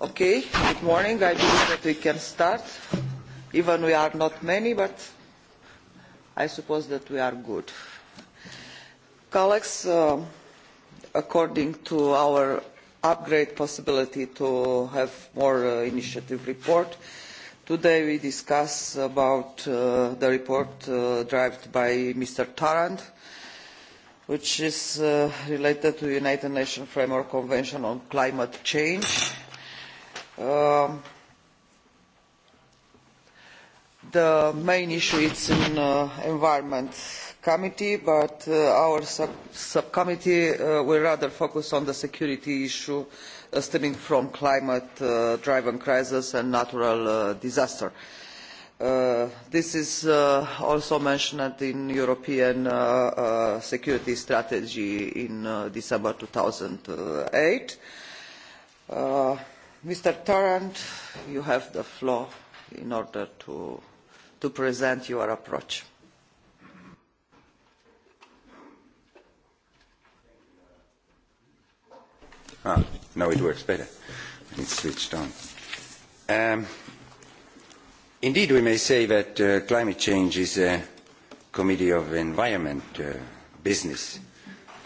Okay, good morning. I believe that we can start, even we are not many, but I suppose that we are good. Colleagues, uh, according to our upgrade possibility to have more uh, initiative report, today we discuss about uh, the report uh, drived by Mr. Tarrant which is uh, related to the United Nations Framework Convention on Climate Change. Um, the main issue is in the uh, environment committee but uh, our sub subcommittee uh, will rather focus on the security issue uh, stemming from climate uh, driven crisis and natural uh, disaster. Uh, this is uh, also mentioned in European uh, uh, security strategy in uh, December 2008. Uh, mr tarand you have the floor in order to present your approach. Ah, now it works better. It's switched on. Um, indeed, we may say that uh, climate change is a committee of environment uh, business.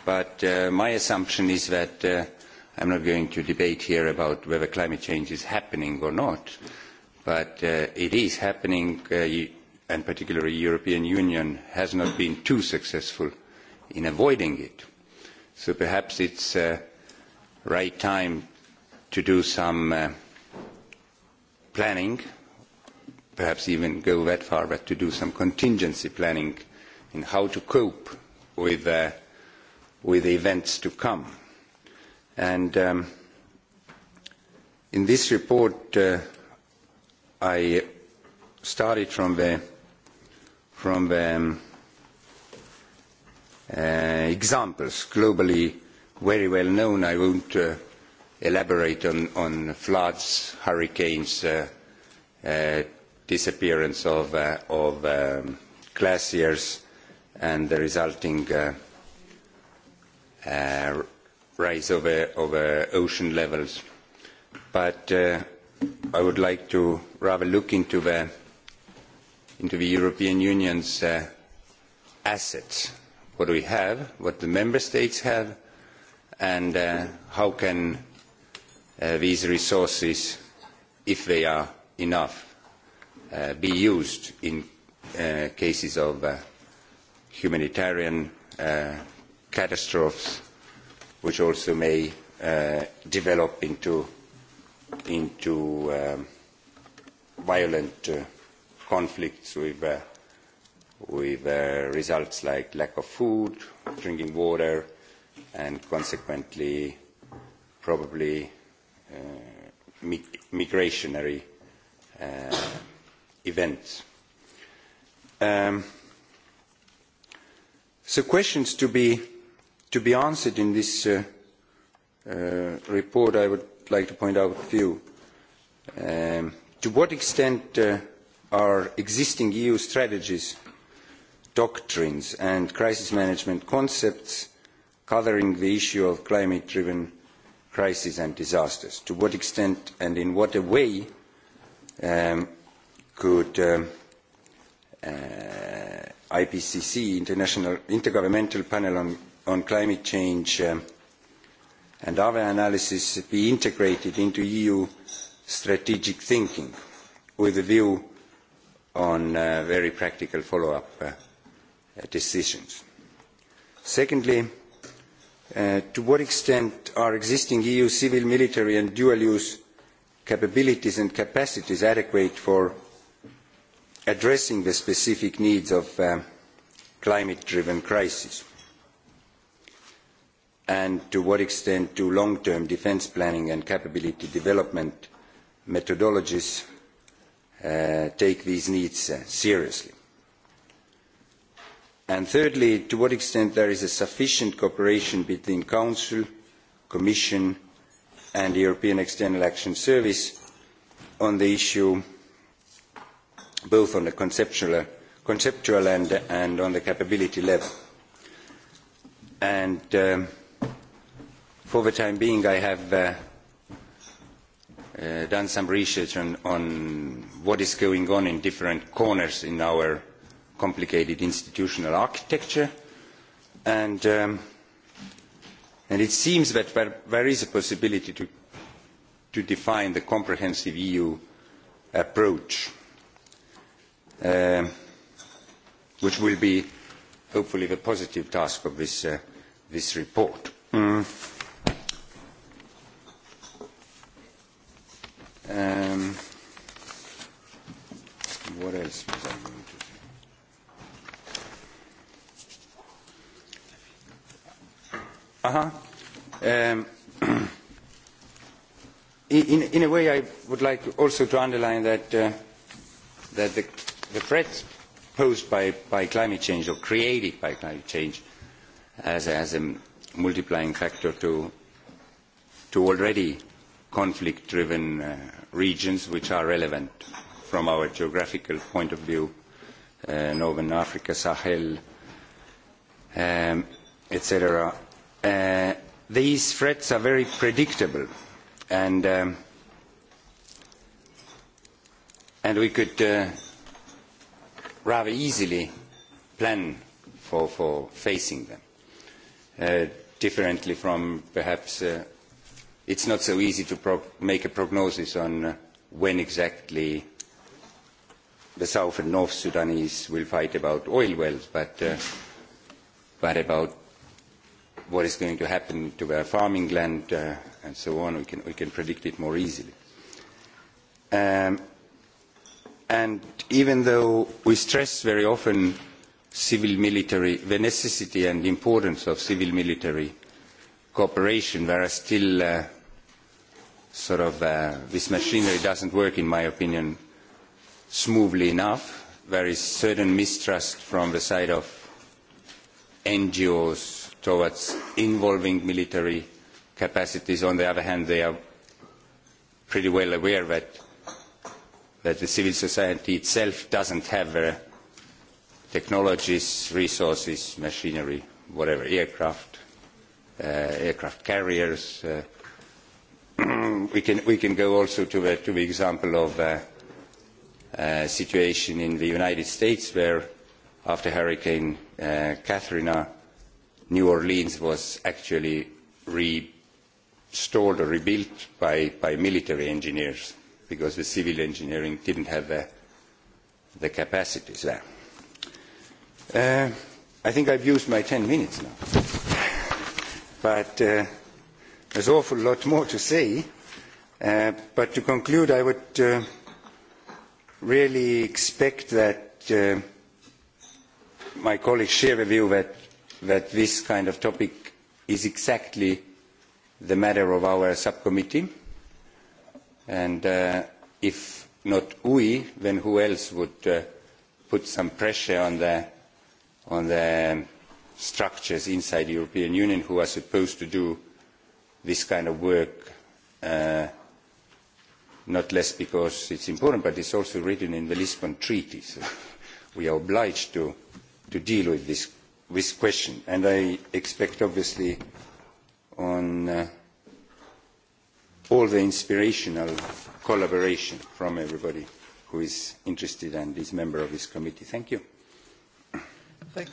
But uh, my assumption is that uh, I'm not going to debate here about whether climate change is happening or not, but uh, it is happening, uh, and particularly European Union has not been too successful in avoiding it. So perhaps it's uh, right time to do some uh, planning, perhaps even go that far, but to do some contingency planning in how to cope with, uh, with events to come and um, in this report uh, I started from the from the um, uh, examples globally very well known. I won't uh, elaborate on, on floods, hurricanes, uh, uh, disappearance of, uh, of um, glaciers and the resulting uh, uh, rise of, uh, of uh, ocean levels. But uh, I would like to rather look into the, into the European Union's uh, assets. What do we have, what the member states have, and uh, how can uh, these resources, if they are enough, uh, be used in uh, cases of uh, humanitarian uh, catastrophes, which also may uh, develop into, into um, violent uh, conflicts with, uh, with uh, results like lack of food, drinking water, and consequently probably uh, migratory uh, events. Um, so questions to be to be answered in this uh, uh, report, I would like to point out a few. Um, to what extent uh, are existing EU strategies, doctrines and crisis management concepts covering the issue of climate-driven crises and disasters? To what extent and in what a way um, could um, uh, IPCC, International Intergovernmental Panel on on climate change um, and our analysis be integrated into EU strategic thinking with a view on uh, very practical follow-up uh, decisions. Secondly, uh, to what extent are existing EU civil, military and dual-use capabilities and capacities adequate for addressing the specific needs of uh, climate-driven crisis? and to what extent do long term defence planning and capability development methodologies uh, take these needs uh, seriously? And thirdly, to what extent there is a sufficient cooperation between Council, Commission and the European External Action Service on the issue, both on the conceptual, conceptual and, and on the capability level. And, uh, for the time being I have uh, uh, done some research on, on what is going on in different corners in our complicated institutional architecture and, um, and it seems that there, there is a possibility to, to define the comprehensive EU approach uh, which will be hopefully the positive task of this, uh, this report. Mm. Um, what else was I going to say? Uh-huh. Um, in, in a way, I would like also to underline that, uh, that the, the threats posed by, by climate change or created by climate change as, as a multiplying factor to, to already conflict driven uh, regions which are relevant from our geographical point of view, uh, Northern Africa, Sahel, um, etc. Uh, these threats are very predictable and, um, and we could uh, rather easily plan for, for facing them, uh, differently from perhaps uh, it is not so easy to pro make a prognosis on uh, when exactly the South and North Sudanese will fight about oil wells, but, uh, but about what is going to happen to their farming land uh, and so on, we can, we can predict it more easily. Um, and even though we stress very often civil military, the necessity and importance of civil military cooperation there are still uh, sort of uh, this machinery doesn't work in my opinion smoothly enough there is certain mistrust from the side of NGOs towards involving military capacities on the other hand they are pretty well aware that that the civil society itself doesn't have the uh, technologies resources machinery whatever aircraft uh, aircraft carriers. Uh, we, can, we can go also to, uh, to the example of the uh, uh, situation in the United States where after Hurricane uh, Katrina, New Orleans was actually restored or rebuilt by, by military engineers because the civil engineering didn't have the, the capacities there. Uh, I think I've used my 10 minutes now but uh, there's awful lot more to say. Uh, but to conclude, I would uh, really expect that uh, my colleagues share the view that, that this kind of topic is exactly the matter of our subcommittee. And uh, if not we, then who else would uh, put some pressure on the, on the structures inside the European Union who are supposed to do this kind of work, uh, not less because it's important, but it's also written in the Lisbon Treaty. So we are obliged to, to deal with this, this question. And I expect, obviously, on uh, all the inspirational collaboration from everybody who is interested and is member of this committee. Thank you. Uh,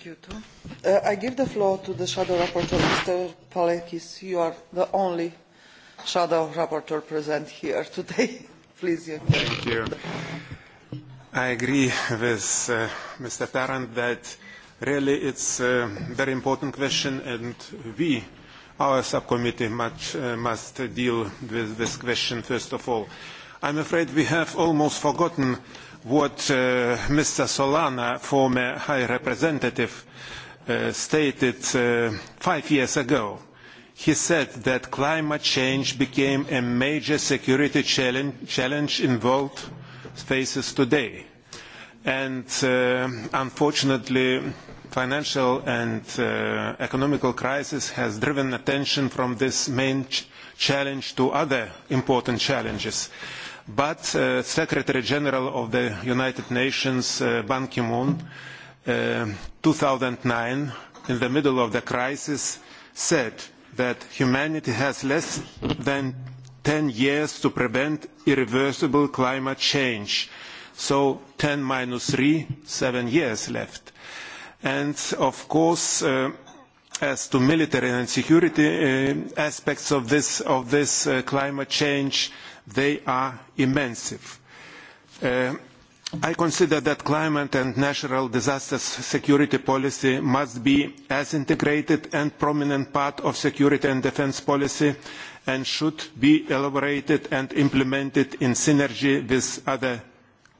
i give the floor to the shadow rapporteur mr paleckis you are the only shadow rapporteur present here today. thank you. i agree with uh, mr tarrant that really it's a very important question and we, our subcommittee, much, uh, must deal with this question first of all. i'm afraid we have almost forgotten uh, what uh, Mr. Solana, former High Representative, uh, stated uh, five years ago. He said that climate change became a major security challenge, challenge in world faces today. And uh, unfortunately, financial and uh, economical crisis has driven attention from this main ch- challenge to other important challenges. Uh, but uh, secretary general of the united nations uh, ban ki moon uh, 2009 in the middle of the crisis said that humanity has less than 10 years to prevent irreversible climate change so 10 minus 3 7 years left and of course uh, as to military and security uh, aspects of this, of this uh, climate change, uh, they are immense. Uh, I consider that climate and natural disasters security policy must be as integrated and prominent part of security and defence policy and should be elaborated and implemented in synergy with other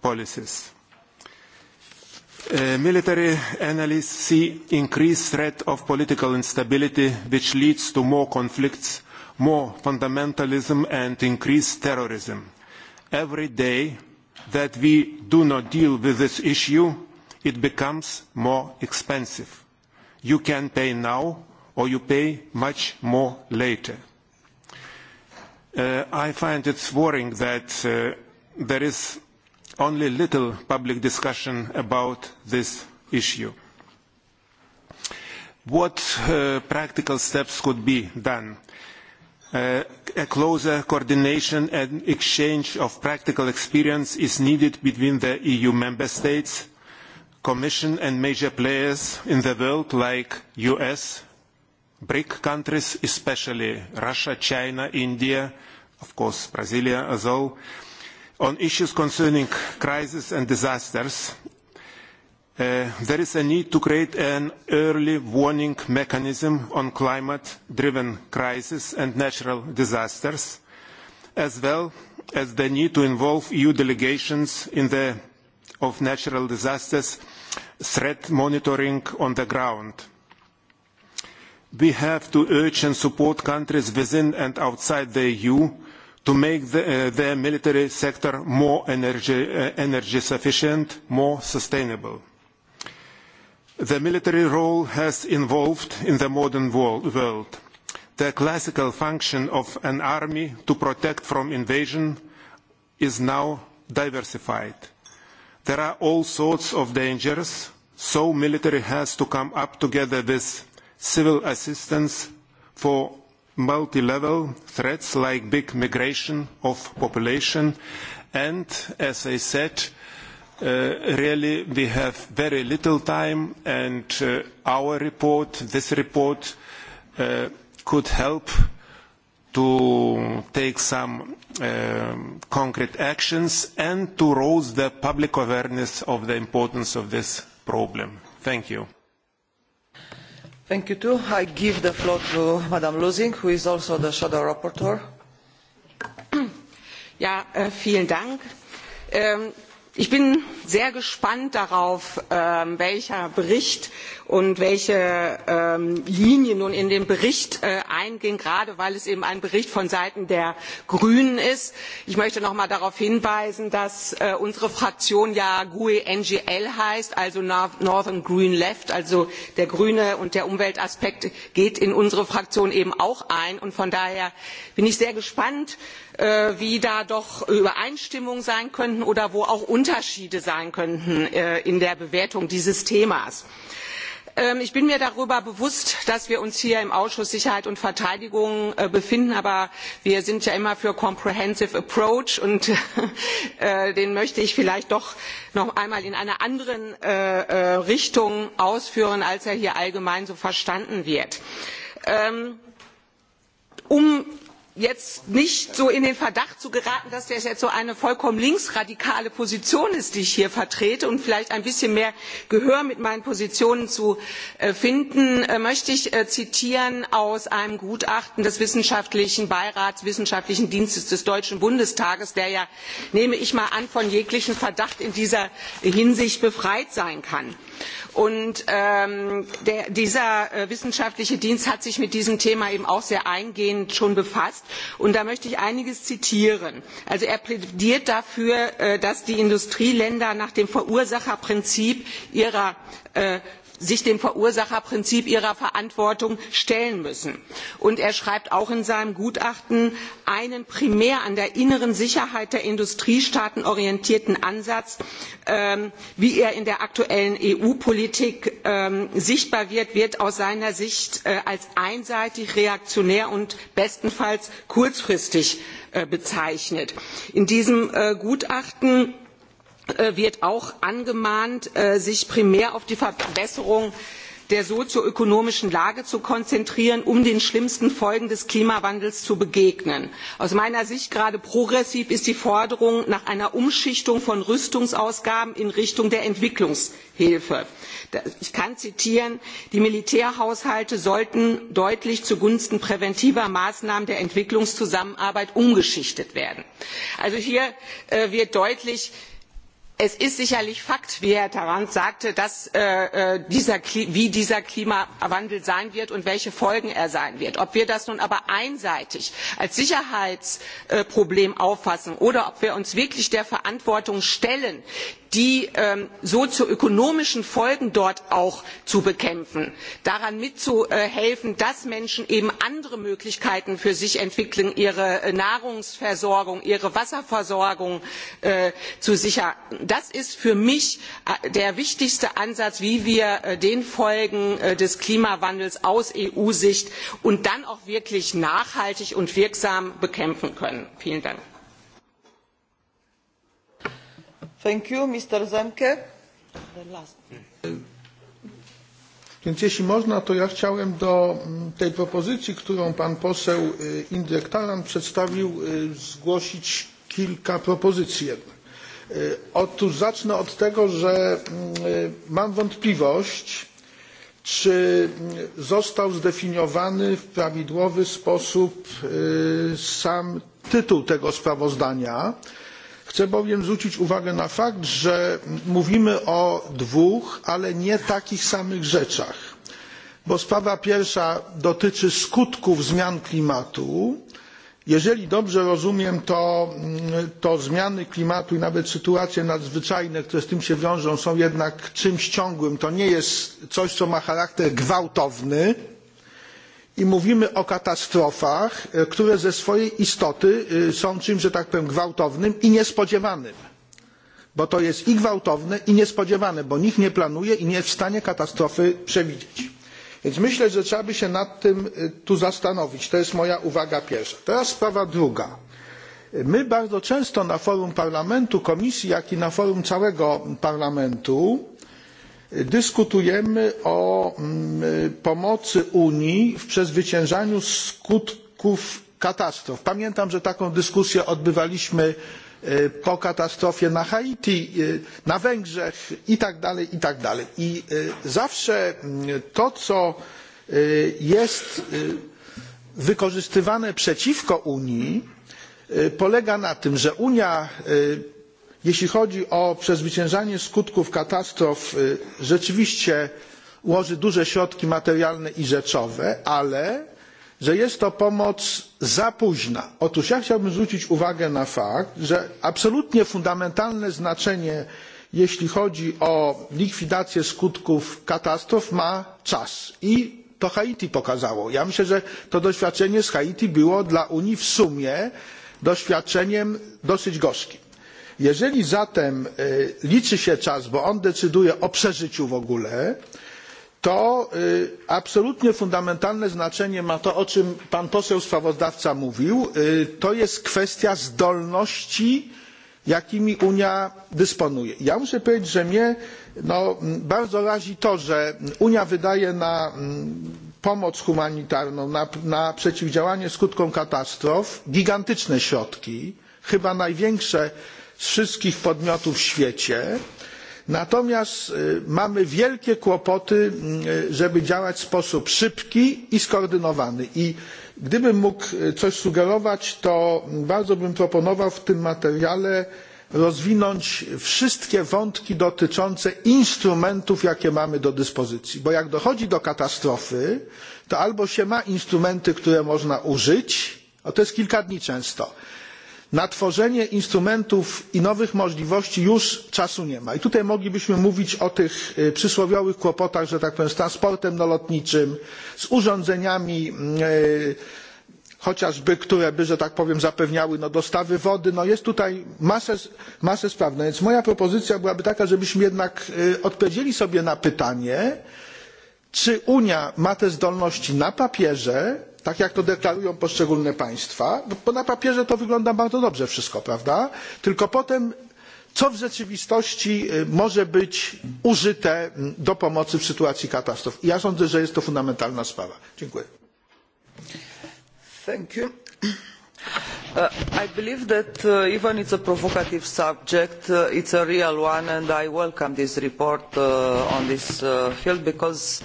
policies. Uh, military analysts see increased threat of political instability which leads to more conflicts more fundamentalism and increased terrorism. Every day that we do not deal with this issue, it becomes more expensive. You can pay now or you pay much more later. Uh, I find it worrying that uh, there is only little public discussion about this issue. What uh, practical steps could be done? Uh, closer coordination and exchange of practical experience is needed between the eu member states commission and major players in the world like us bric countries especially russia china india of course brazil as well on issues concerning crisis and disasters. Uh, there is a need to create an early warning mechanism on climate driven crises and natural disasters as well as the need to involve eu delegations in the of natural disasters threat monitoring on the ground we have to urge and support countries within and outside the eu to make the, uh, their military sector more energy uh, energy sufficient more sustainable The military role has evolved in the modern world. The classical function of an army to protect from invasion is now diversified. There are all sorts of dangers, so military has to come up together with civil assistance for multi-level threats like big migration of population and, as I said, Uh, really we have very little time and uh, our report this report uh, could help to take some concrete actions and to raise the public awareness of the importance of this problem thank you thank you too i give the floor to madam losing who is also the shadow rapporteur ja äh, vielen dank ähm, ich bin sehr gespannt darauf, ähm, welcher Bericht und welche ähm, Linie nun in den Bericht äh, eingehen, gerade weil es eben ein Bericht von Seiten der Grünen ist. Ich möchte noch einmal darauf hinweisen, dass äh, unsere Fraktion ja GUE NGL heißt, also Northern Green Left, also der Grüne und der Umweltaspekt geht in unsere Fraktion eben auch ein. Und von daher bin ich sehr gespannt, Äh, wie da doch übereinstimmungen sein könnten oder wo auch unterschiede sein könnten äh, in der bewertung dieses themas. Ähm, ich bin mir darüber bewusst dass wir uns hier im ausschuss sicherheit und verteidigung äh, befinden aber wir sind ja immer für comprehensive approach und den möchte ich vielleicht doch noch einmal in einer anderen richtung ausführen als er hier allgemein so verstanden wird. Ähm, um jetzt nicht so in den Verdacht zu geraten, dass das jetzt so eine vollkommen linksradikale Position ist, die ich hier vertrete, und vielleicht ein bisschen mehr Gehör mit meinen Positionen zu äh, finden, äh, möchte ich äh, zitieren aus einem Gutachten des Wissenschaftlichen Beirats, Wissenschaftlichen Dienstes des Deutschen Bundestages, der ja, nehme ich mal an, von jeglichem Verdacht in dieser Hinsicht befreit sein kann und ähm, dieser äh, wissenschaftliche dienst hat sich mit diesem thema eben auch sehr eingehend schon befasst und da möchte ich einiges zitieren er plädiert dafür äh, dass die industrieländer nach dem verursacherprinzip ihrer äh, sich dem verursacherprinzip ihrer verantwortung stellen müssen. und er schreibt auch in seinem gutachten einen primär an der inneren sicherheit der industriestaaten orientierten ansatz ähm, wie er in der aktuellen eu politik ähm, sichtbar wird wird aus seiner sicht äh, als einseitig reaktionär und bestenfalls kurzfristig äh, bezeichnet. in diesem äh, gutachten Äh, wird auch angemahnt äh, sich primär auf die verbesserung der sozioökonomischen lage zu konzentrieren um den schlimmsten folgen des klimawandels zu begegnen. aus meiner sicht gerade progressiv ist die forderung nach einer umschichtung von rüstungsausgaben in richtung der entwicklungshilfe. ich kann zitieren die militärhaushalte sollten deutlich zugunsten präventiver maßnahmen der entwicklungszusammenarbeit umgeschichtet werden. also hier äh, wird deutlich es ist sicherlich fakt wie herr tarand sagte äh, äh, wie dieser klimawandel sein wird und welche folgen er haben wird. ob wir das nun aber einseitig als sicherheitsproblem äh, auffassen oder ob wir uns wirklich der verantwortung stellen die ähm, sozio ökonomischen folgen dort auch zu bekämpfen daran mitzuhelfen dass menschen eben andere möglichkeiten für sich entwickeln ihre nahrungsversorgung ihre wasserversorgung zu sichern das ist für mich äh, der wichtigste ansatz wie wir äh, den folgen äh, des klimawandels aus eu sicht dann auch wirklich nachhaltig und wirksam bekämpfen können. vielen dank! jeśli można to ja chciałem do mm, tej propozycji którą pan poseł indyrk tarand przedstawił zgłosić kilka propozycji jednak. E, otóż zacznę od tego że mm, e, mam wątpliwość czy mm, został zdefiniowany w prawidłowy sposób e, sam tytuł tego sprawozdania chcę bowiem zwrócić uwagę na fakt że mm, mówimy o dwóch ale nie takich samych rzeczach bo sprawa pierwsza dotyczy skutków zmian klimatu a jeżeli dobrze rozumiem mm, to zmiany klimatu i nawet sytuacje nadzwyczajne które z tym się wiążą są jednak czymś ciągłym to nie jest coś co ma charakter gwałtowny i mówimy o katastrofach e, które ze swojej istoty e, są czymś że tak powiem gwałtownym i niespodziewanym bo to jest i gwałtowne i niespodziewane bo nikt nie planuje i nie jest w stanie katastrofy przewidzieć. Więc myślę, że trzeba by się nad tym tu zastanowić. To jest moja uwaga pierwsza. Teraz sprawa druga. My bardzo często na forum parlamentu, komisji, jak i na forum całego parlamentu dyskutujemy o mm, pomocy Unii w przezwyciężaniu skutków katastrof. Pamiętam, że taką dyskusję odbywaliśmy E, po katastrofie na haiti e, na węgrzech itd. i e, zawsze mm, to co jest wykorzystywane przeciwko unii polega na tym że unia jeśli chodzi o przezwyciężanie skutków katastrof rzeczywiście ułoży duże środki materialne i rzeczowe ale że jest to pomoc za późna. otóż ja chciałbym zwrócić uwagę na fakt że absolutnie fundamentalne znaczenie jeśli chodzi o likwidację skutków katastrof ma czas i to haiti pokazało. ja myślę że to doświadczenie z haiti było dla unii w sumie doświadczeniem dosyć gorzkim. jeżeli zatem liczy się czas bo on decyduje o przeżyciu w ogóle to absolutnie fundamentalne znaczenie ma to o czym pan poseł sprawozdawca mówił to jest kwestia zdolności jakimi unia dysponuje. ja muszę powiedzieć że mnie no, bardzo razi to że unia wydaje na mm, pomoc humanitarną na przeciwdziałanie skutkom katastrof gigantyczne środki chyba największe z wszystkich podmiotów w świecie natomiast mamy wielkie kłopoty żeby działać w sposób szybki i skoordynowany i gdybym mógł coś sugerować to bardzo bym proponował w tym materiale rozwinąć wszystkie wątki dotyczące instrumentów jakie mamy do dyspozycji bo jak dochodzi do katastrofy to albo się ma instrumenty które można użyć a to jest kilka dni często na tworzenie instrumentów i nowych możliwości już czasu nie ma i tutaj moglibyśmy mówić o tych przysłowiowych kłopotach że tak powiem z transportem lotniczym z urządzeniami chociażby które by że tak powiem zapewniały no, dostawy wody no jest tutaj masę spraw no więc moja propozycja byłaby taka żebyśmy jednak odpowiedzieli sobie na pytanie czy unia ma te zdolności na papierze tak jak to deklarują poszczególne państwa, bo na papierze to wygląda bardzo dobrze wszystko, prawda? Tylko potem, co w rzeczywistości może być użyte do pomocy w sytuacji katastrof? Ja sądzę, że jest to fundamentalna sprawa. Dziękuję. Thank you. Uh, i believe that even though it is a provocative subject uh, it is a real one and i welcome this report uh, on this field because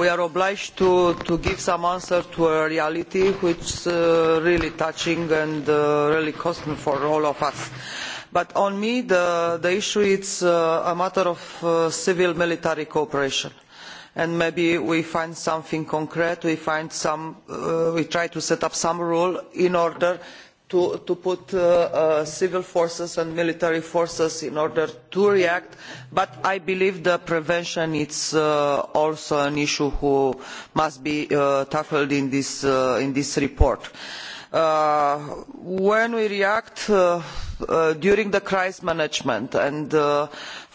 we are obliged to give some answer to a reality which is really touching and really costly for all of us. but for me the issue is a matter of civil military cooperation and maybe we find something concrete we uh, try to set up some rules in order to put uh, uh, civil forces and military forces in order to react but i believe that prevention is also an issue that must be tackled in this report. when we react during crisis management and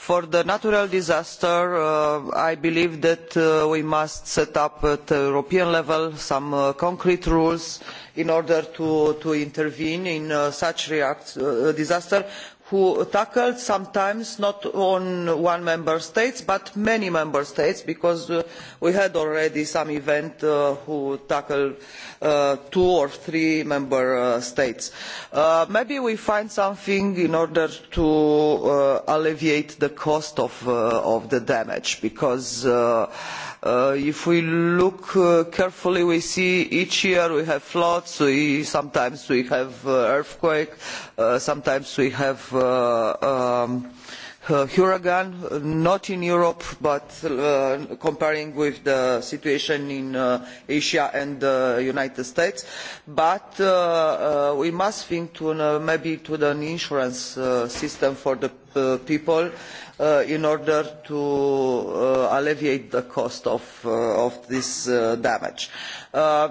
for the natural disaster uh, i believe that uh, we must set up at european level some uh, concrete rules in order to intervene in such a disaster tackled sometimes not on one member state but many member states because we had already some events which tackled Uh, two or three member uh, states. Uh, maybe we can find something in order to alleviate the cost of the damage because if we look carefully we see each year we have floods sometimes we have earthquakes sometimes we have um, Uh, hurricane uh, not in europe but uh, comparing with the situation in asia and the united states but we must think maybe about an insurance system for the people in order to alleviate the cost of this damage.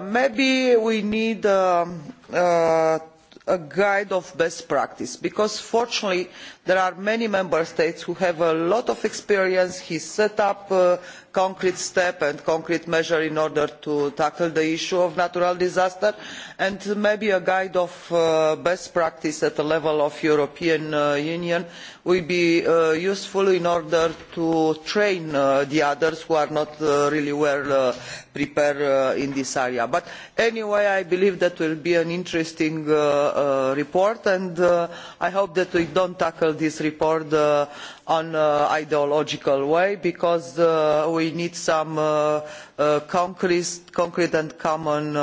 maybe we need um, a guide of best practice because fortunately there are many member states which have a lot of experience in setting up uh, concrete steps and concrete measures in order to tackle the issue of natural disasters and maybe a guide of uh, best practice at the level of the european uh, union will be useful in order to train the others who are not really well prepared in this area. but anyway i believe that it will be an interesting report and i hope that we do not tackle table this report in uh, an uh, ideological way because uh, we need some concrete and common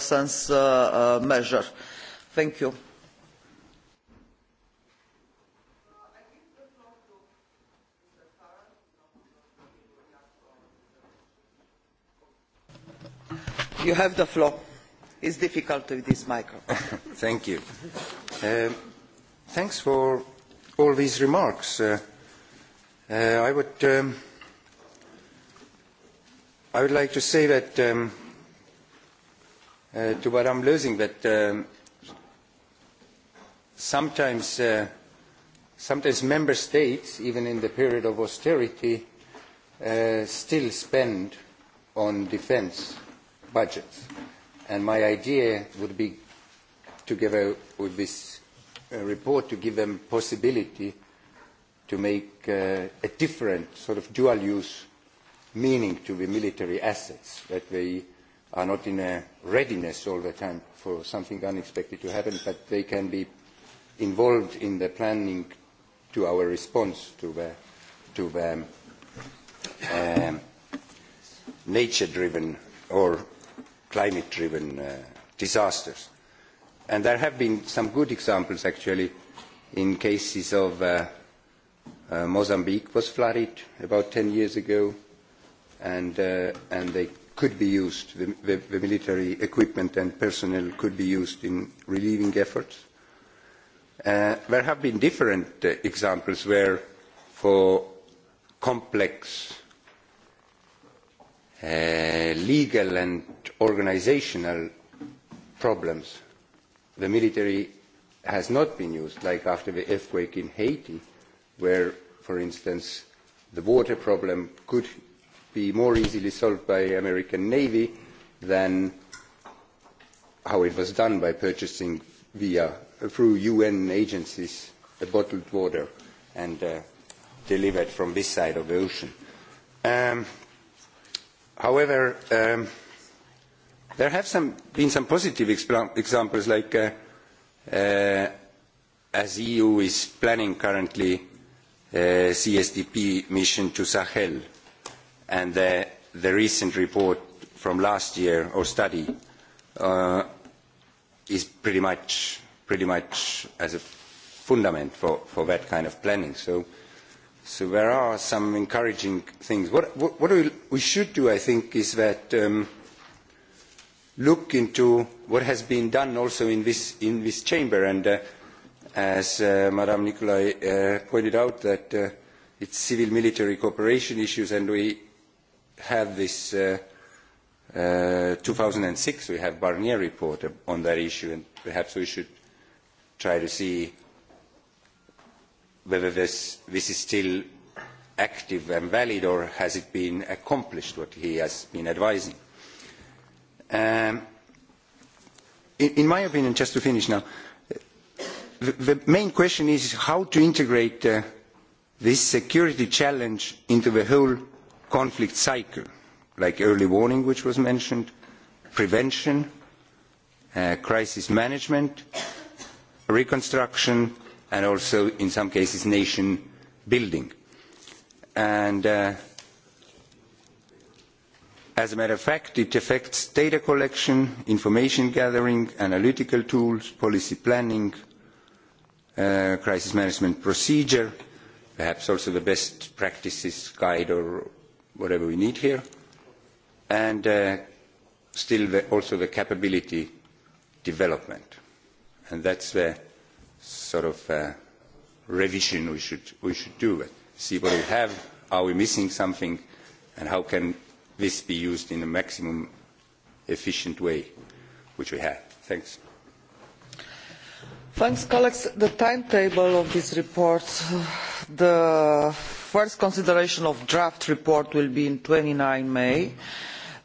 sense measures. thank you. you have the floor. it is difficult with this microphone. thank you. Uh, thanks for all these remarks. Uh, uh, I would um, I would like to say that um, uh, to what I'm losing that um, sometimes uh, sometimes member states, even in the period of austerity, uh, still spend on defence budgets. And my idea would be together with this report to give them possibility to make uh, a different sort of dual use meaning to the military assets that they are not in a readiness all the time for something unexpected to happen but they can be involved in the planning to our response to the, to the um, um nature driven or climate driven uh, disasters and there have been some good examples actually in cases of uh, uh, Mozambique was flooded about 10 years ago and, uh, and they could be used, the, the, the military equipment and personnel could be used in relieving efforts. Uh, there have been different uh, examples where for complex uh, legal and organizational problems the military has not been used, like after the earthquake in Haiti, where, for instance, the water problem could be more easily solved by American Navy than how it was done by purchasing via, through UN agencies a bottled water and uh, delivered from this side of the ocean. Um, however, um, There have some, been some positive expl- examples, like uh, uh, as EU is planning currently a uh, CSDP mission to Sahel, and the, uh, the recent report from last year or study uh, is pretty much, pretty much as a fundament for, for that kind of planning. So, so there are some encouraging things. What, what, what we, we should do, I think, is that. Um, look into what has been done also in this, in this chamber. And uh, as uh, Madame Nicolai uh, pointed out, that uh, it's civil-military cooperation issues, and we have this uh, uh, 2006, we have Barnier report on that issue, and perhaps we should try to see whether this, this is still active and valid, or has it been accomplished, what he has been advising. Um, in, in my opinion, just to finish now, the, the main question is how to integrate uh, this security challenge into the whole conflict cycle, like early warning, which was mentioned, prevention, uh, crisis management, reconstruction, and also, in some cases, nation building. And uh, as a matter of fact it affects data collection information gathering analytical tools policy planning uh, crisis management procedure perhaps also the best practices guide or whatever we need here and uh, still the, also the capability development and that's the sort of uh, revision we should we should do see what we have are we missing something and how can this be used in the maximum efficient way which we have. Thanks. Thanks, colleagues. The timetable of this report, the first consideration of draft report will be in 29 May.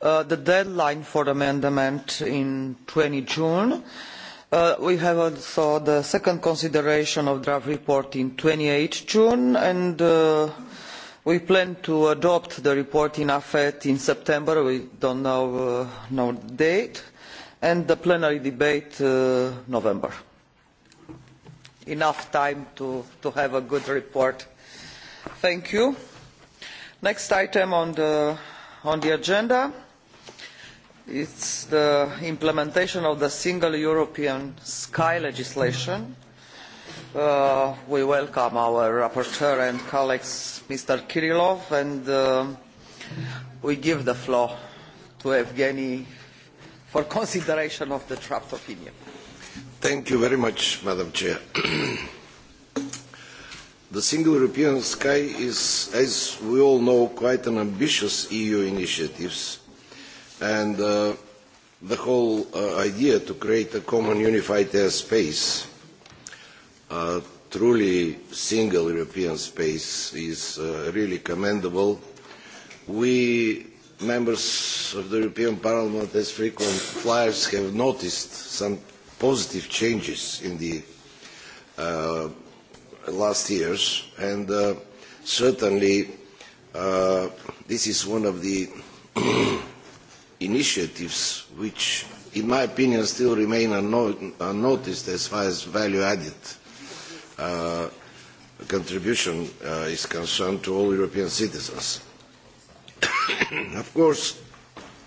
Uh, the deadline for amendment in 20 June. Uh, we have also the second consideration of draft report in 28 June and uh, we plan to adopt the report in afet in september we do not know the uh, date and the plenary debate in uh, november enough time to have a good report. thank you. the next item on the agenda is the implementation of the single european sky legislation uh, we welcome our rapporteur and colleagues, Mr. Kirillov, and uh, we give the floor to Evgeny for consideration of the trapped opinion. Thank you very much, Madam Chair. the single European sky is, as we all know, quite an ambitious EU initiative. And uh, the whole uh, idea to create a common unified airspace space truly single European space is uh, really commendable. We members of the European Parliament as frequent flyers have noticed some positive changes in the uh, last years and uh, certainly uh, this is one of the initiatives which in my opinion still remain unnoticed as far as value added Uh, contribution uh, is concerned to all European citizens. of course,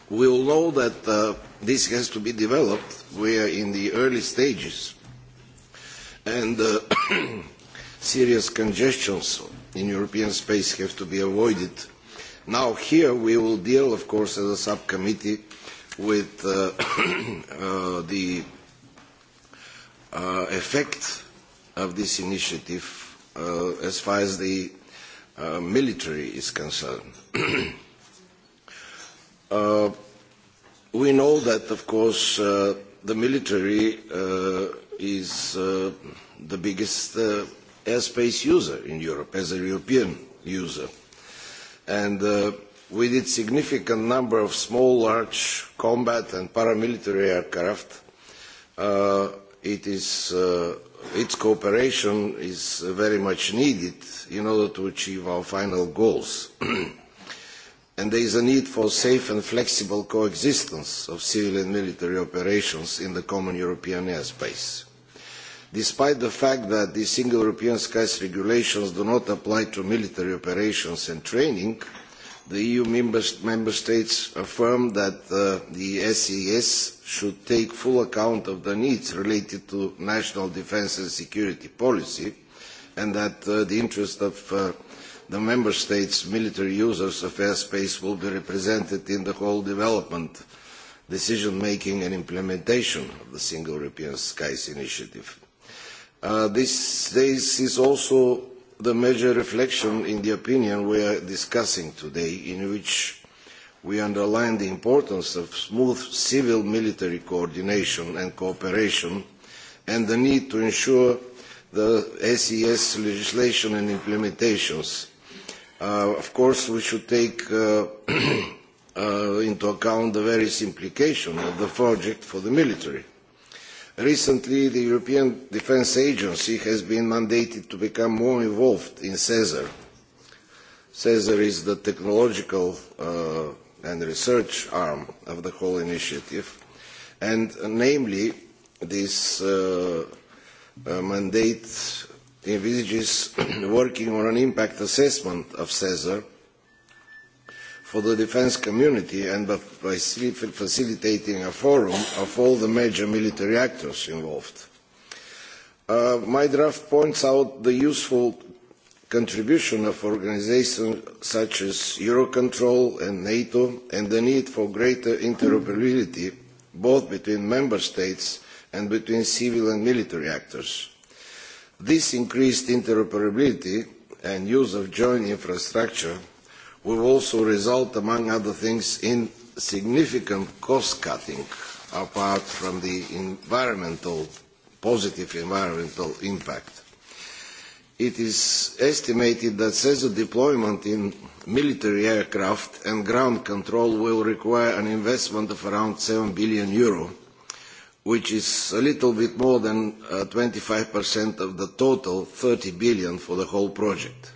we all know that uh, this has to be developed. We are in the early stages, and uh, serious congestions in European space have to be avoided. Now, here we will deal, of course, as a subcommittee with uh, uh, the uh, effect of this initiative uh, as far as the uh, military is concerned. uh, we know that, of course, uh, the military uh, is uh, the biggest uh, airspace user in Europe, as a European user. And uh, with its significant number of small, large combat and paramilitary aircraft, uh, it is uh, its cooperation is very much needed in order to achieve our final goals. and there is a need for safe and flexible coexistence of civil and military operations in the common European airspace. Despite the fact that the single European skies regulations do not apply to military operations and training, the EU member states affirmed that uh, the SES e should take full account of the needs related to national defence and security policy and that uh, the interest of uh, the member states' military users of airspace will be represented in the whole development, decision making and implementation of the Single European Skies Initiative. Uh, this, this is also the major reflection in the opinion we are discussing today in which we underline the importance of smooth civil military coordination and cooperation and the need to ensure the SES e legislation and implementations. Uh, of course, we should take uh, uh, into account the various implications of the project for the military recently the european defence agency has been mandated to become more involved in cesar. cesar is the technological uh, and research arm of the whole initiative and uh, namely this uh, mandate envisages working on an impact assessment of cesar for the defence community and by facilitating a forum of all the major military actors involved. Uh, my draft points out the useful contribution of organizations such as Eurocontrol and NATO and the need for greater interoperability both between member states and between civil and military actors. This increased interoperability and use of joint infrastructure will also result, among other things, in significant cost cutting apart from the environmental, positive environmental impact. It is estimated that CESU deployment in military aircraft and ground control will require an investment of around 7 billion euro, which is a little bit more than 25% uh, of the total 30 billion for the whole project.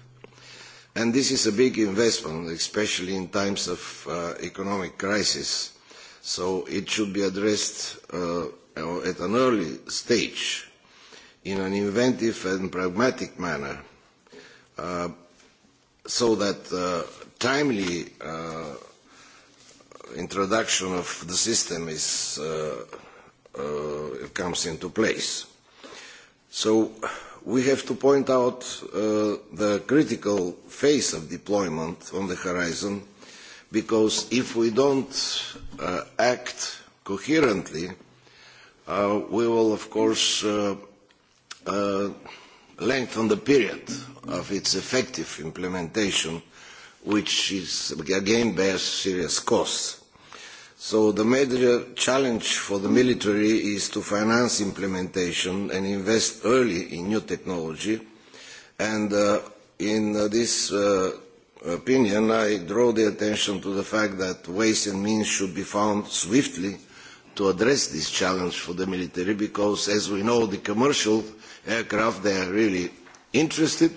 And this is a big investment, especially in times of uh, economic crisis. So it should be addressed uh, at an early stage in an inventive and pragmatic manner uh, so that uh, timely uh, introduction of the system is, uh, uh, comes into place. So we have to point out uh, the critical phase of deployment on the horizon because if we don't uh, act coherently, uh, we will of course uh, uh, lengthen the period of its effective implementation, which is again bears serious costs. So the major challenge for the military is to finance implementation and invest early in new technology. And uh, in uh, this uh, opinion, I draw the attention to the fact that ways and means should be found swiftly to address this challenge for the military because, as we know, the commercial aircraft, they are really interested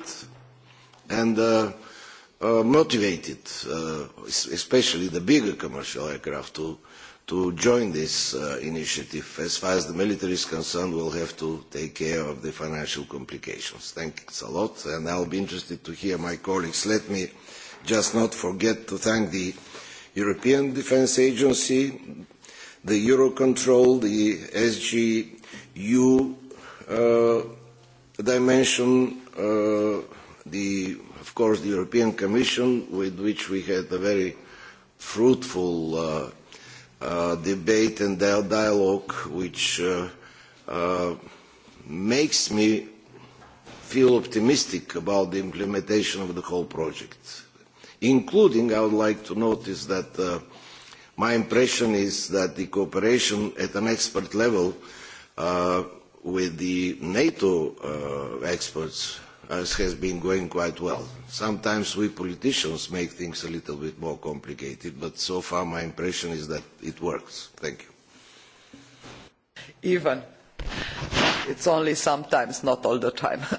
and uh, Uh, motivated, uh, especially the bigger commercial aircraft, to, to join this uh, initiative. As far as the military is concerned, we'll have to take care of the financial complications. Thanks a lot, and I'll be interested to hear my colleagues. Let me just not forget to thank the European Defence Agency, the Eurocontrol, the SGU uh, dimension, uh, the of course the European Commission, with which we had a very fruitful uh, uh, debate and dialogue, which uh, uh, makes me feel optimistic about the implementation of the whole project. Including, I would like to notice that uh, my impression is that the cooperation at an expert level uh, with the NATO uh, experts as has been going quite well. Sometimes we politicians make things a little bit more complicated, but so far my impression is that it works. Thank you. Ivan, it's only sometimes, not all the time.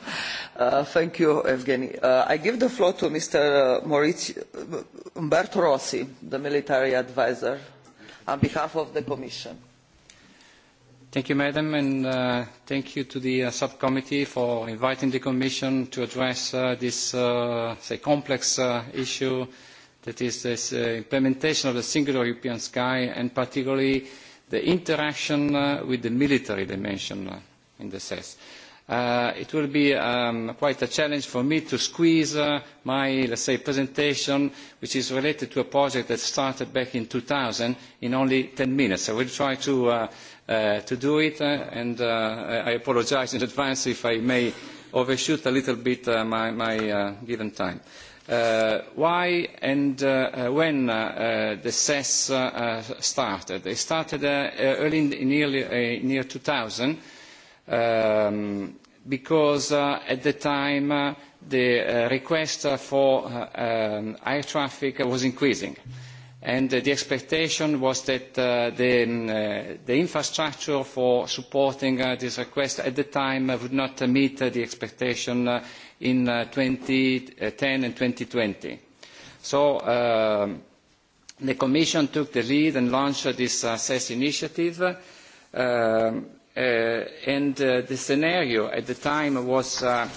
Uh, thank you, Evgeny. Uh, I give the floor to Mr. Uh, Maurizio, uh, Umberto Rossi, the military advisor, on behalf of the Commission. Thank you, Madam, and uh, thank you to the uh, subcommittee for inviting the Commission to address uh, this uh, say complex uh, issue that is this uh, implementation of the single European sky and particularly the interaction uh, with the military dimension uh, in the CES. Uh, it will be um, quite a challenge for me to squeeze uh, my, let's say, presentation, which is related to a project that started back in 2000, in only 10 minutes. I will try to uh, Uh, to do it, uh, and uh, I apologize in advance if I may overshoot a little bit uh, my, my uh, given time. Uh, why and uh, uh when uh, the CES uh, started? It started uh, early in, in early, uh, near 2000 um, because uh, at the time uh, the uh, request for uh, um, air traffic was increasing. Mm -hmm and uh, the expectation was that uh, the, um, uh, the infrastructure for supporting uh, this request at the time uh, would not uh, meet uh, the expectation uh, in uh, 2010 uh, and 2020. So uh, the Commission took the lead and launched uh, this uh, CES initiative, uh, uh, and uh, the scenario at the time was uh,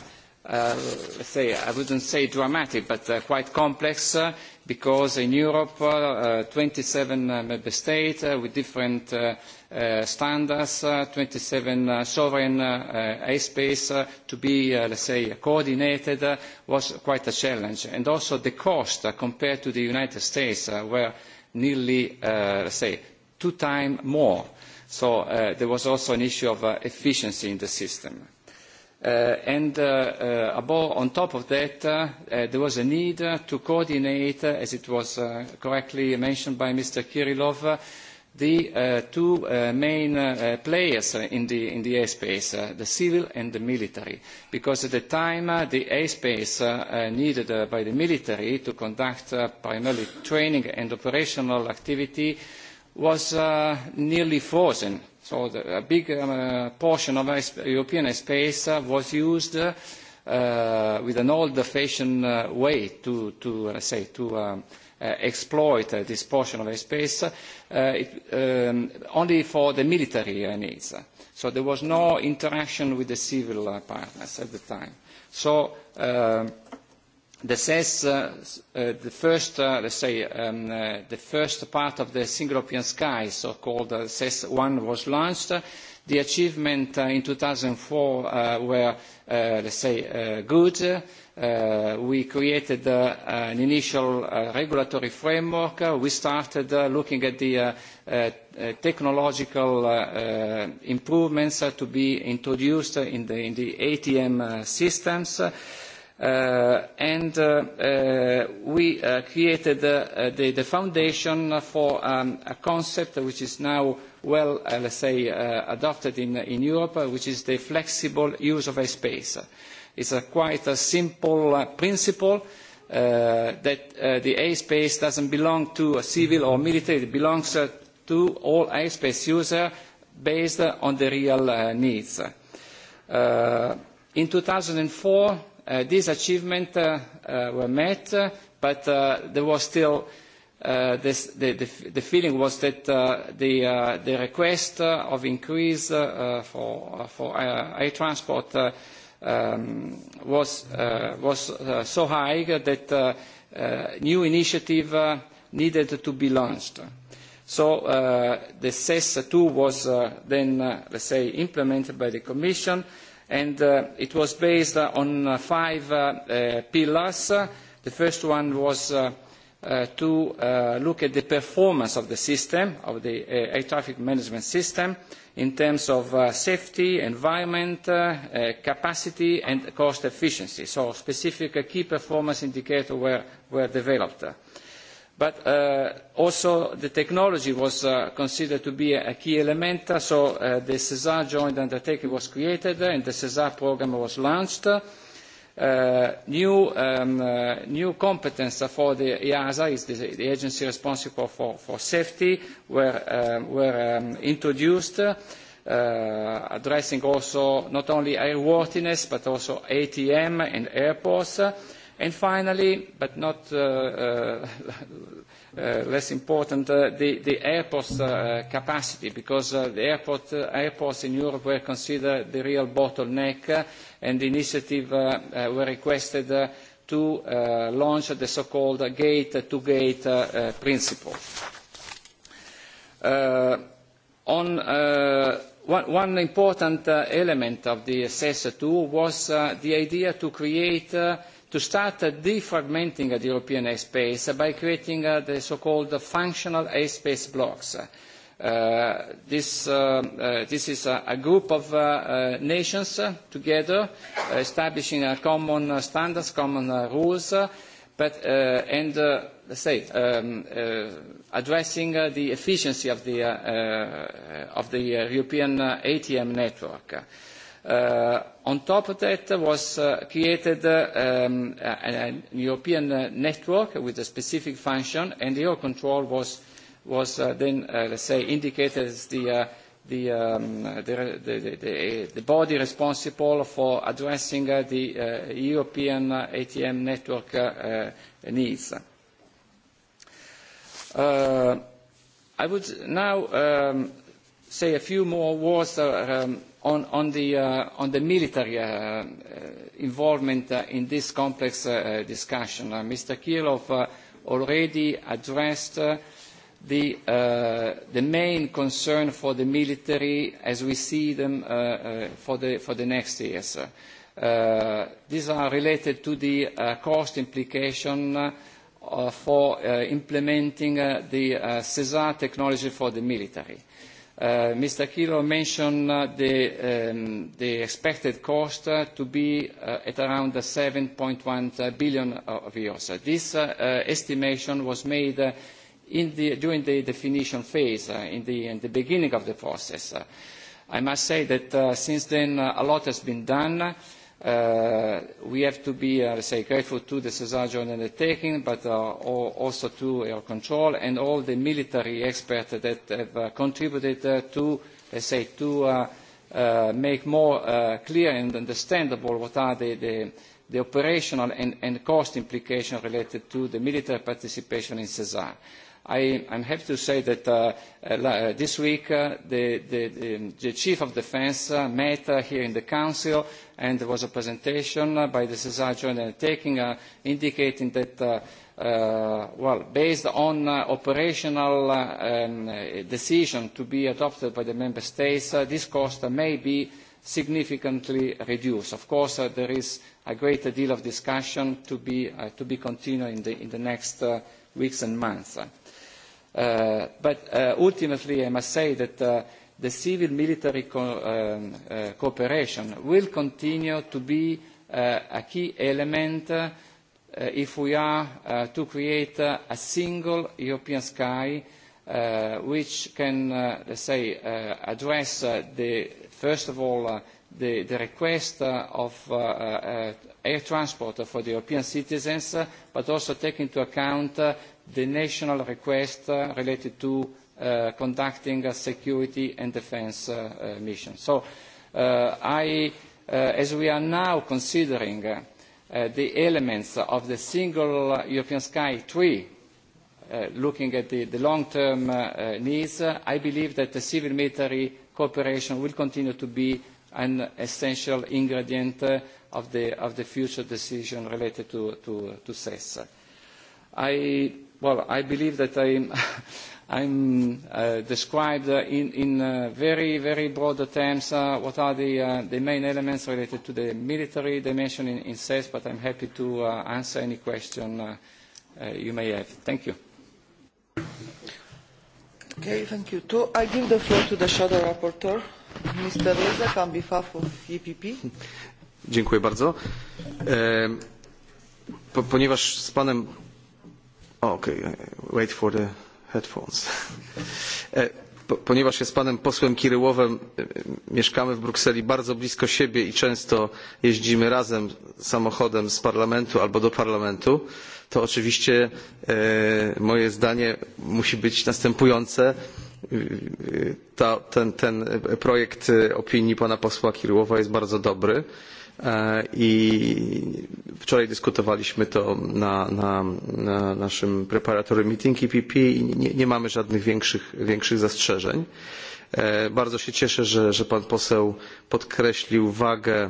uh, let's say, I wouldn't say dramatic, but uh, quite complex, uh, because in Europe, uh, 27 uh, uh, member states uh, with different uh, uh, standards, uh, 27 uh, sovereign uh, uh, airspace uh, to be, uh, let's say, coordinated uh, was quite a challenge. And also the cost uh, compared to the United States uh, were nearly, uh, let's say, two times more. So uh, there was also an issue of uh, efficiency in the system. Uh, and uh, uh, above on top of that there was a need to coordinate as it was correctly mentioned by mr kirilov the two main players in the airspace the civil and the military because at the time the airspace needed by the military to conduct primarily training and operational activity was nearly frozen. So the, a big um, uh, portion of our European space uh, was used uh, with an old-fashioned uh, way to, to uh, say, to um, uh, exploit uh, this portion of our space uh, it, um, only for the military uh, needs. So there was no interaction with the civil uh, partners at the time. So... Uh, the says uh, uh, the first uh, let's say um, uh, the first part of the single european sky so called uh, ses 1 was launched the achievement uh, in 2004 uh, were uh, let's say uh, good uh, we created uh, an initial uh, regulatory framework uh, we started uh, looking at the uh, uh, uh technological uh, uh, improvements uh, to be introduced in the in the atm uh, systems uh, Uh, and uh, uh, we created the the foundation for um, a concept which is now well let's say adopted in in europe which is the flexible use of a space it's a quite a simple principle that the a space doesn't belong to a civil or military it belongs to all a space user based on the real needs in two thousand and four Uh, these achievements uh, uh were met, uh, but uh, there was still uh, this, the, the, the feeling was that uh, the, uh, the request uh, of increase uh, for, uh, for uh, air transport uh, um, was, uh, was uh, so high that uh, uh, new initiative uh, needed to be launched. So uh, the CES2 was uh, then, uh, let's say, implemented by the Commission, uh, and uh, it was based uh, on uh, five pillars the first one was to look at the performance of the system of the air traffic management system in terms of safety environment capacity and cost efficiency so specific key performance indicators were developed but uh, also the technology was uh, considered to be a key element, so uh, the CESAR joint undertaking was created and the CESAR program was launched. Uh, new, um, uh, new competence for the EASA is the, the agency responsible for, for safety were, uh, were um, introduced, uh, addressing also not only airworthiness but also ATM and airports. Uh, Finally, but not uh, uh, uh, less important, the airports capacity, because the airports in Europe were considered the real bottleneck, and the initiative were requested to launch the so-called gate-to-gate principle. One important element of the SES2 was the idea to create to start defragmenting the European airspace by creating uh, the so-called functional airspace blocks. Uh, this, uh, uh, this is a, a group of uh, uh, nations uh, together uh, establishing uh, common uh, standards, common uh, rules, uh, but, uh, and uh, let's say, um, uh, addressing uh, the efficiency of the, uh, uh, of the uh, European uh, ATM network. Uh, Uh, on top of that was uh, created um, a european uh, network with a specific function and your control was was then let's say indicated as um, the the the the body responsible for addressing the european atm network needs uh, i would now um, say a few more words uh, um, Uh, on the military uh, uh involvement uh, in this complex uh, discussion, uh, Mr. Kirov uh, already addressed uh, the, uh, the main concern for the military as we see them uh, uh, for, the, for the next years. Uh, these are related to the uh, cost implication uh, for uh, implementing uh, the uh, CESAR technology for the military. Uh, Mr. Quiroga mentioned uh, um, the expected cost uh, to be at around 7.1 billion euros. This estimation was made during the definition phase, in the beginning of the process. I must say that since then, a lot has been done uh, we have to be, uh, say, grateful to the Sazajon undertaking, but uh, all, also to your control and all the military experts that have uh, contributed uh, to, let's say, to uh, uh, make more uh, clear and understandable what are the, the, the operational and, and cost implications related to the military participation in Cesar. Uh, I am happy to say that uh, uh, uh, this week uh, the, the, the um, Chief of Defence uh, met uh, here in the Council and there was a presentation uh, by the Cesar General taking, uh, indicating that, uh, uh, well, based on uh, operational uh, um, uh, decision to be adopted by the Member States, uh, this cost uh, may be significantly reduced. Of course, uh, there is a great deal of discussion to be, uh, to be continued in the, in the next uh, weeks and months. Uh, but uh, ultimately, I must say that uh, the civil-military co um, uh, cooperation will continue to be uh, a key element uh, if we are uh, to create uh, a single European sky uh, which can, uh, let's say, uh, address uh, the, first of all, uh, the, the request uh, of uh, uh, air transport for the European citizens, uh, but also take into account uh, the national request uh, related to uh, conducting uh, security and defence uh, uh, missions. So, uh, I, uh, as we are now considering uh, uh, the elements of the single European Sky 3, uh, looking at the, the long-term uh, uh, needs, uh, I believe that the civil military cooperation will continue to be an essential ingredient of the, of the future decision related to, to, to CES. I, well, I believe that I'm, I'm uh, described in, in uh, very, very broad terms uh, what are the, uh, the main elements related to the military dimension in, in CES, but I'm happy to uh, answer any question uh, uh, you may have. Thank you. Okay, thank you. To, I give the floor to the shadow rapporteur. E dziękuję bardzo e, ponieważ z panem okej okay, wait for the headphones e, ponieważ się z panem posłem Kiryłowem mieszkamy w Brukseli bardzo blisko siebie i często jeździmy razem samochodem z parlamentu albo do parlamentu to oczywiście moje zdanie musi być następujące ta, ten, ten projekt e, opinii pana posła Kirłowa jest bardzo dobry e, i wczoraj dyskutowaliśmy to na, na, na naszym preparatory meeting EPP i nie, nie mamy żadnych większych, większych zastrzeżeń. E, bardzo się cieszę, że, że pan poseł podkreślił wagę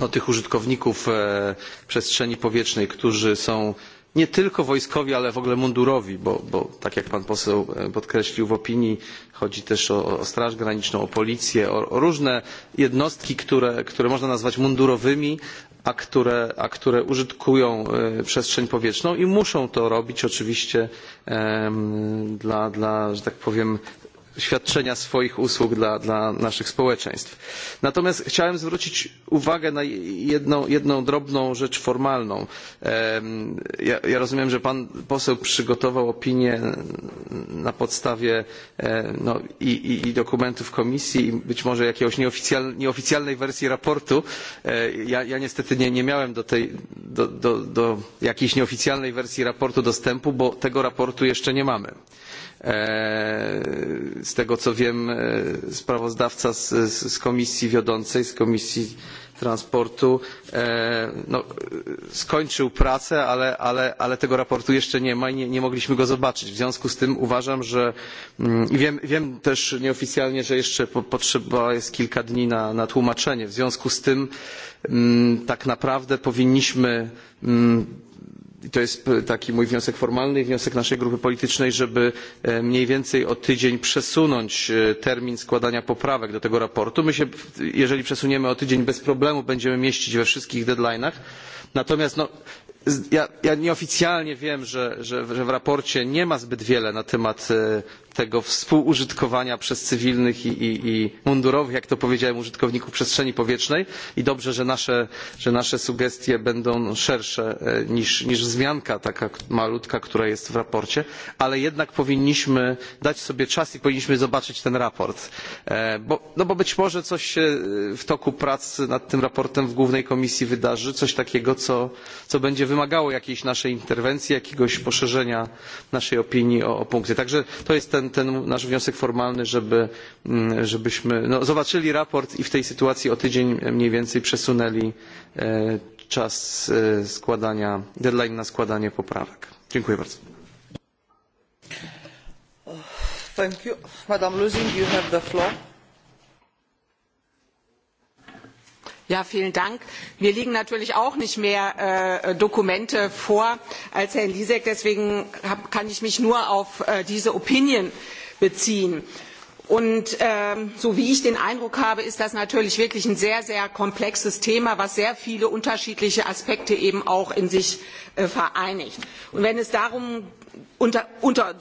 no, tych użytkowników e, przestrzeni powietrznej, którzy są nie tylko wojskowi ale w ogóle mundurowi bo, bo tak jak pan poseł e, podkreślił w opinii chodzi też o, o straż graniczną o policję o, o różne jednostki które, które można nazwać mundurowymi a które, a które użytkują e, przestrzeń powietrzną i muszą to robić oczywiście dla, dla że tak powiem świadczenia swoich usług dla, dla naszych społeczeństw. Natomiast chciałem zwrócić uwagę na jedną, jedną drobną rzecz formalną. Ja, ja rozumiem, że pan poseł przygotował opinię na podstawie e, no, i, i, i dokumentów komisji i być może jakiejś nieoficjal, nieoficjalnej wersji raportu. E, ja, ja niestety nie, nie miałem do, tej, do, do, do jakiejś nieoficjalnej wersji raportu dostępu, bo tego raportu jeszcze nie mamy. E, z tego co wiem e, sprawozdawca z, z, z komisji wiodącej, z komisji transportu e, no, skończył pracę, ale, ale, ale tego raportu jeszcze nie ma i nie, nie mogliśmy go zobaczyć. W związku z tym uważam, że mm, wiem, wiem też nieoficjalnie, że jeszcze po, potrzeba jest kilka dni na, na tłumaczenie. W związku z tym mm, tak naprawdę powinniśmy mm, to jest taki mój wniosek formalny i wniosek naszej grupy politycznej żeby e, mniej więcej o tydzień przesunąć e, termin składania poprawek do tego sprawozdania. my się jeżeli przesuniemy o tydzień bez problemu będziemy mieścić we wszystkich deadline'ach. natomiast no, ja, ja nieoficjalnie wiem że, że, że w sprawozdaniu nie ma zbyt wiele na temat e, tego współużytkowania przez cywilnych i, i, i mundurowych, jak to powiedziałem, użytkowników przestrzeni powietrznej i dobrze, że nasze, że nasze sugestie będą szersze e, niż, niż zmianka taka malutka, która jest w raporcie, ale jednak powinniśmy dać sobie czas i powinniśmy zobaczyć ten raport, e, bo, no bo być może coś się e, w toku pracy nad tym raportem w Głównej Komisji wydarzy, coś takiego, co, co będzie wymagało jakiejś naszej interwencji, jakiegoś poszerzenia naszej opinii o, o punkty. Także to jest ten ten, ten nasz wniosek formalny, żeby, mm, żebyśmy no, zobaczyli raport i w tej sytuacji o tydzień mniej więcej przesunęli e, czas e, składania, deadline na składanie poprawek. Dziękuję bardzo. Thank you. Madam Luzing, you have the floor. herr ja, präsident! mir liegen natürlich auch nicht mehr äh, dokumente vor als herrn lisek deswegen kann ich mich nur auf äh, diese beziehen und ähm, so wie ich den eindruck habe ist das natürlich wirklich ein sehr sehr komplexes thema das sehr viele unterschiedliche aspekte in sich äh, vereinigt. wenn es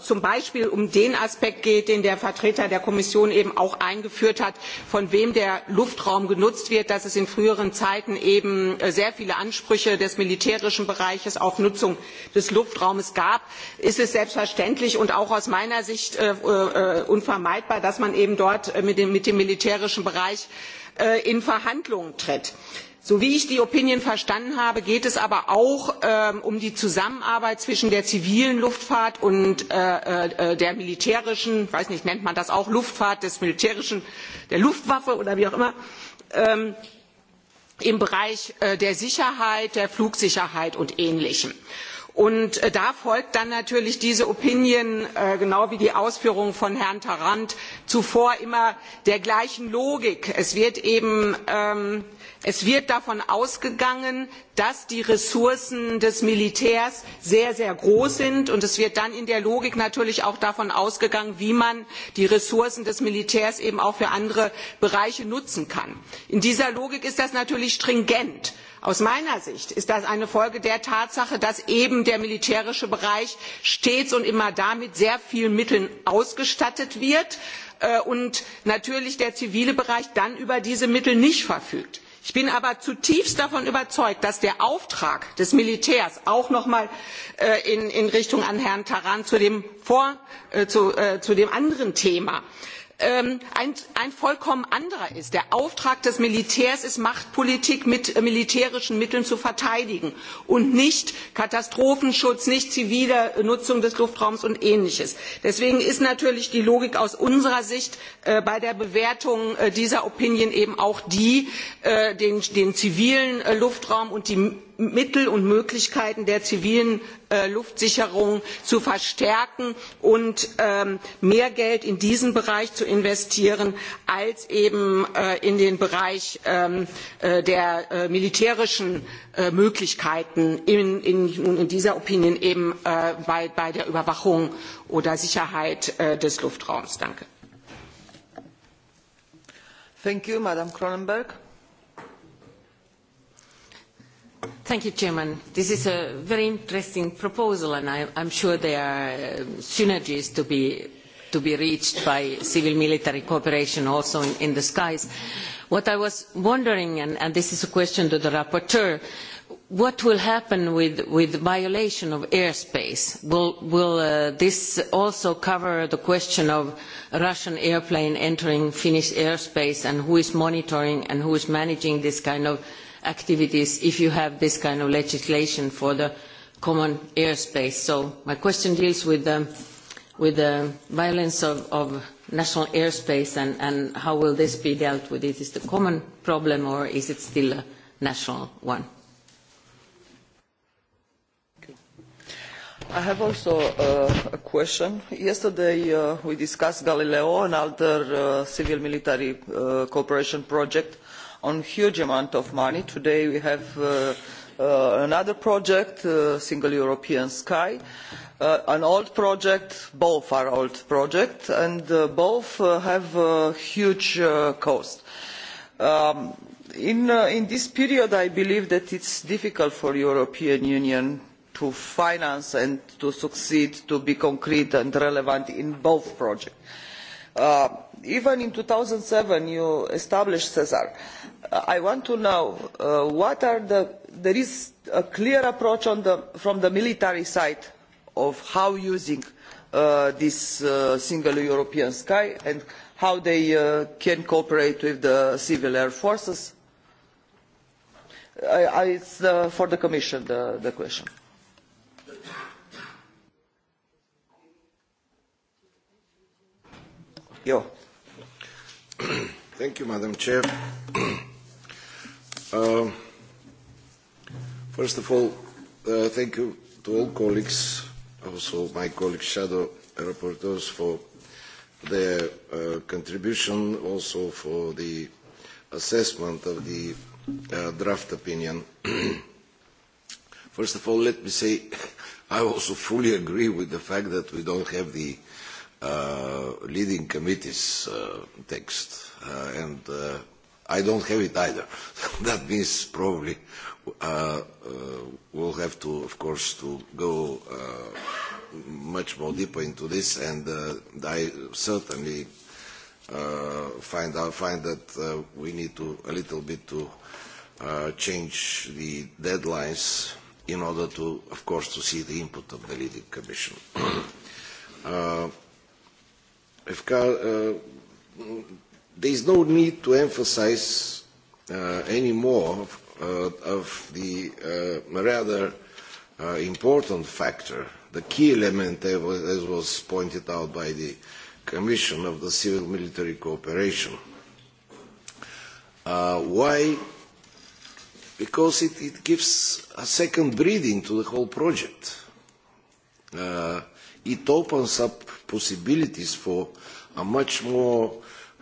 zum beispiel um den aspekt geht den der vertreter der kommission eben auch eingeführt hat von wem der luftraum genutzt wird dass es in früheren zeiten eben äh, sehr viele ansprüche des militärischen bereichs auf nutzung des luftraums gab ist es selbstverständlich und auch aus meiner sicht äh, unvermeidbar dass man eben dort äh, mit dem, mit dem militärischen Bereich äh, in Verhandlungen tritt. So wie ich die Opinion verstanden habe, geht es aber auch ähm, um die Zusammenarbeit zwischen der zivilen Luftfahrt und äh, äh, äh der militärischen, ich weiß nicht, nennt man das auch Luftfahrt des militärischen, der Luftwaffe oder wie auch immer, ähm, im Bereich äh, der Sicherheit, der Flugsicherheit und Ähnlichem und äh, da folgt dann natürlich diese opinion äh, genau wie die ausführungen von herrn tarand zuvor immer der gleichen logik ähm, es wird davon ausgegangen dass die ressourcen des militärs sehr sehr groß sind und es wird dann in der logik natürlich auch davon ausgegangen wie man die ressourcen des militärs eben auch für andere bereiche nutzen kann. in dieser logik ist das natürlich stringent aus meiner sicht ist das eine folge der tatsache dass eben der militärische bereich stets und immer da mit sehr vielen mitteln ausgestattet wird äh, und natürlich der zivile bereich dann über diese mittel nicht verfügt. ich bin aber zutiefst davon überzeugt dass der auftrag des militärs auch noch einmal äh, in richtung herrn tarand äh, zu dem anderen thema Ähm, ein vollkommen anderer ist. der auftrag des militärs ist machtpolitik mit äh, militärischen mitteln zu verteidigen und nicht katastrophenschutz nicht zivile nutzung des luftraums und ähnliches. deswegen ist natürlich die logik aus unserer sicht äh, bei der bewertung äh, dieser erklärung eben auch die den zivilen luftraum und mittel und möglichkeiten der zivilen äh, luftsicherung zu verstärken und ähm, mehr geld in diesen bereich zu investieren als eben äh, in den bereich ähm, äh, der äh, militärischen äh, möglichkeiten in, in, in dieser opinion eben äh, bei, bei der überwachung oder sicherheit äh, des luftraums. danke. Thank you, Madam Cronenberg. Thank you, Chairman. This is a very interesting proposal, and I'm sure there are uh, synergies to be reached by civil-military cooperation also in the skies. What I was wondering, and this is a question to the rapporteur, what will happen with violation of airspace? Will uh, this also cover the question of Russian airplane entering Finnish airspace, and who is monitoring and who is managing this kind of activities if you have this kind of legislation for the common airspace. so my question deals with um, the violence of national airspace and how will this be dealt with? is this a common problem or is it still a national one? I have also uh, a question. Yesterday uh, we discussed Galileo, another uh, civil-military uh, cooperation project. Uh, on a huge amount of money. today we have uh, uh, another project the uh, single european sky an old project both are old projects and both have a huge cost. Um, in this period i believe that it is difficult for the european union to finance and to succeed to be concrete and relevant in both projects. even in two thousand and seven you established cesar i want to know uh, whether there is a clear approach from the military side on how to use uh, this uh, single european sky and how they can cooperate with the civil air forces. it is for the commission the question. madam president Um, first of all, uh, thank you to all colleagues, also my colleague shadow rapporteurs for their uh, contribution, also for the assessment of the uh, draft opinion. first of all, let me say I also fully agree with the fact that we don't have the uh, leading committee's uh, text uh, and uh, I don't have it either. that means probably uh, uh, we'll have to, of course, to go uh, much more deeper into this. And uh, I certainly uh, find I find that uh, we need to a little bit to uh, change the deadlines in order to, of course, to see the input of the leading commission. uh, if, uh, there is no need to emphasize uh, any more uh, of the uh, rather uh, important factor, the key element, as was pointed out by the Commission of the Civil Military Cooperation. Uh, why? Because it, it gives a second breathing to the whole project. Uh, it opens up possibilities for a much more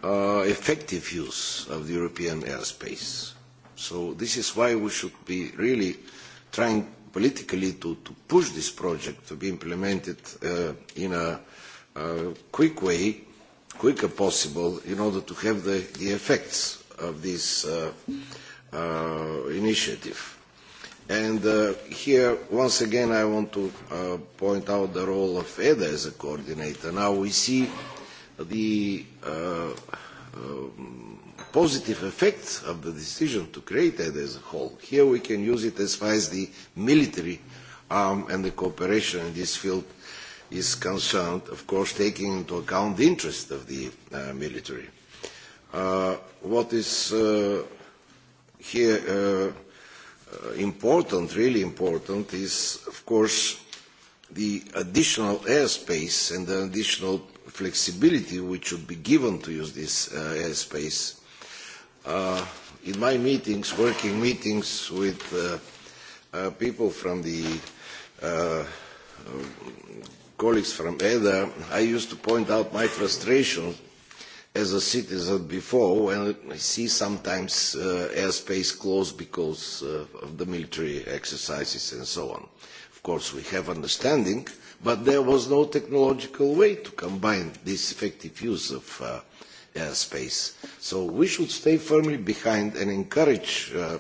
uh, effective use of the European airspace. So this is why we should be really trying politically to, to push this project to be implemented uh, in a, a quick way, quicker possible, in order to have the, the effects of this uh, uh, initiative. And uh, here, once again, I want to uh, point out the role of EDA as a coordinator. Now we see the uh, um, positive effects of the decision to create it as a whole. Here we can use it as far as the military um, and the cooperation in this field is concerned, of course, taking into account the interest of the uh, military. Uh, what is uh, here uh, uh, important, really important, is, of course, the additional airspace and the additional flexibility which would be given to use this uh, airspace. Uh, in my meetings, working meetings with uh, uh, people from the uh, uh, colleagues from EDA, I used to point out my frustration as a citizen before when I see sometimes uh, airspace closed because uh, of the military exercises and so on. Uh, of course we have understanding but there was no technological way to combine this effective use of uh, airspace. So we should stay firmly behind and encourage uh,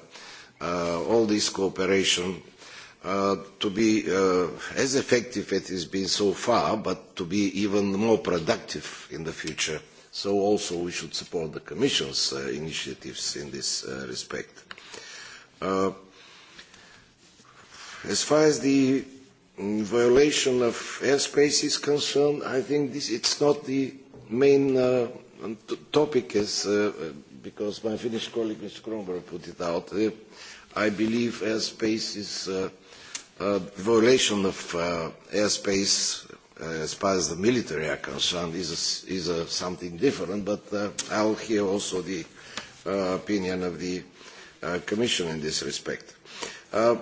uh, all this cooperation uh, to be uh, as effective as it has been so far, but to be even more productive in the future. So also we should support the Commission's uh, initiatives in this uh, respect. Uh, as far as the violation of airspace is concerned, I think this, it's not the main uh, t topic, as, uh, because my Finnish colleague, Mr. Kronberg, put it out. Uh, I believe airspace is uh, a violation of uh, airspace uh, as far as the military are concerned is, a, is a something different, but uh, I'll hear also the uh, opinion of the uh, Commission in this respect. Uh,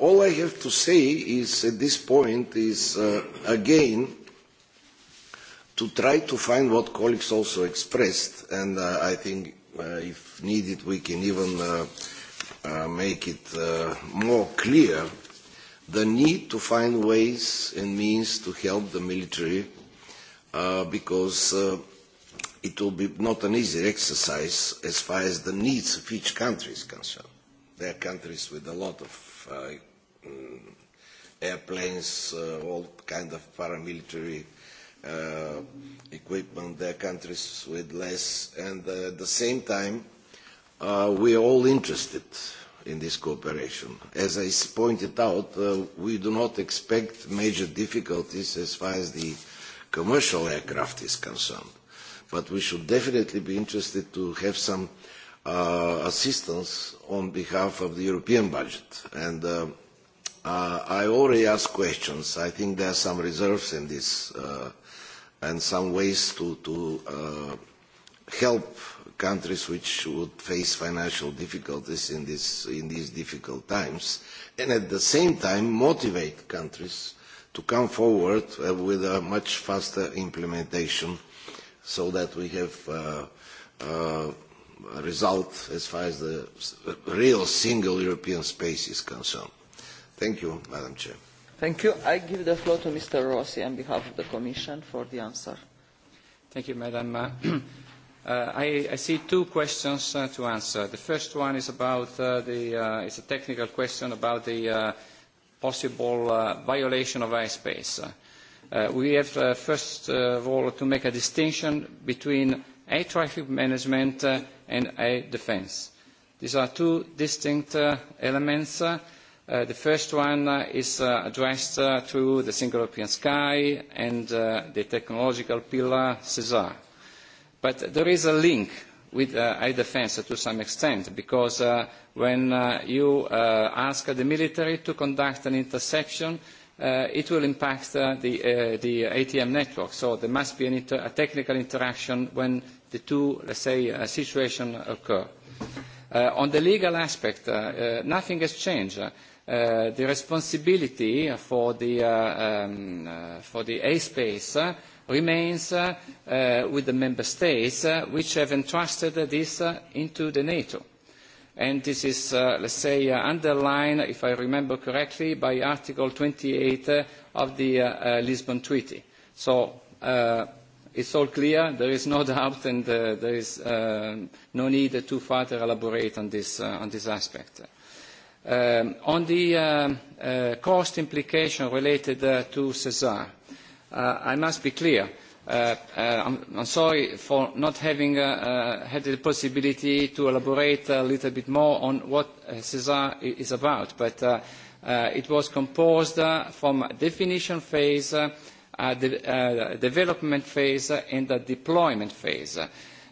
All I have to say is at this point is uh, again to try to find what colleagues also expressed, and uh, I think uh, if needed we can even uh, uh, make it uh, more clear the need to find ways and means to help the military uh, because uh, it will be not an easy exercise as far as the needs of each country is concerned. There are countries with a lot of uh, Mm, airplanes, uh, all kind of paramilitary uh, equipment, their countries with less. And uh, at the same time, uh, we are all interested in this cooperation. As I pointed out, uh, we do not expect major difficulties as far as the commercial aircraft is concerned. But we should definitely be interested to have some uh, assistance on behalf of the European budget. And, uh, Uh, I already asked questions. I think there are some reserves in this uh, and some ways to, to uh, help countries which would face financial difficulties in, this, in these difficult times and at the same time motivate countries to come forward uh, with a much faster implementation so that we have uh, uh, a result as far as the real single European space is concerned. Thank you, Madam Chair. Thank you. I give the floor to Mr. Rossi on behalf of the Commission for the answer. Thank you, Madam. Uh, I, I see two questions uh, to answer. The first one is about uh, the, uh, it's a technical question about the uh, possible uh, violation of airspace. Uh, we have, uh, first of all, to make a distinction between air traffic management uh, and air defense. These are two distinct uh, elements. Uh, Uh, the first one uh, is uh, addressed to the single European sky and the technological pillar CESAR. But there is a link with air defense to some extent because when you ask the military to conduct an interception, it will impact the ATM network. So there must be a technical interaction when the two, let's say, situations occur. On the legal aspect, nothing has changed. Uh, the responsibility for the uh, um, uh, airspace remains with the member states, which have entrusted this into the NATO. This is, let's say, underlined, if I remember correctly, by Article 28 of the Lisbon Treaty. It's all clear. There is no doubt, and there is um, no need to further elaborate on this aspect. Um, on the uh, uh, cost implication related uh, to Sezzle, I must be clear. I'm sorry for not having had the possibility to elaborate a little bit more on what Sezzle is about, but it was composed from definition phase, development phase, and the deployment phase.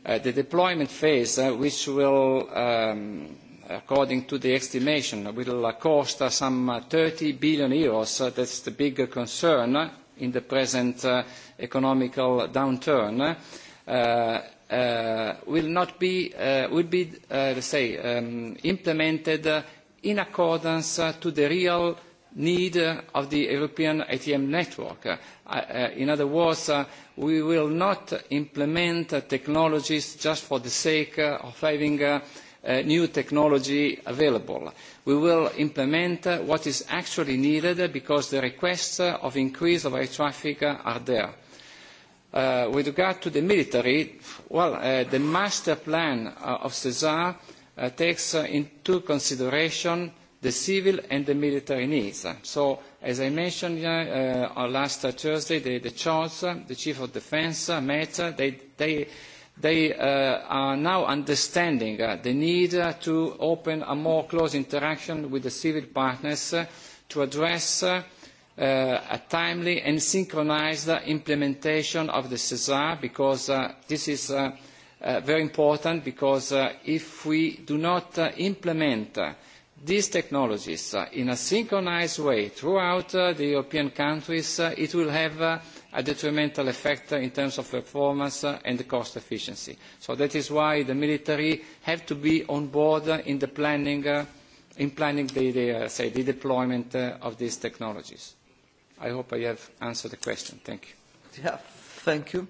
The deployment phase, which will um, according to the estimation will cost some eur uh, thirty billion uh, that is the big concern in the present uh, economic downturn will not be will be let's say um, implemented in accordance to the real need of the european atm network. in other words we will not implement technologies just for the sake of having new technology available. we will implement what is actually needed because the requests for an increase in air traffic are there. Uh, with regard to the military uh, the master plan uh, of sesar takes into consideration the civil and the military needs. so as i mentioned last thursday the charge the chief of defence met they they uh, are now understanding uh, the need uh, to open a more close interaction with the civil partners uh, to address uh, uh, a timely and synchronized uh, implementation of the CESAR because uh, this is uh, uh, very important because uh, if we do not uh, implement uh, these technologies uh, in a synchronized way throughout uh, the European countries, uh, it will have uh, a detrimental effect in terms of performance and cost efficiency. that is why the military have to be on board in the planning uh, in planning the, the, uh, say, the deployment uh, of these technologies. I hope I have answered the question. Thank you. Yeah, thank you.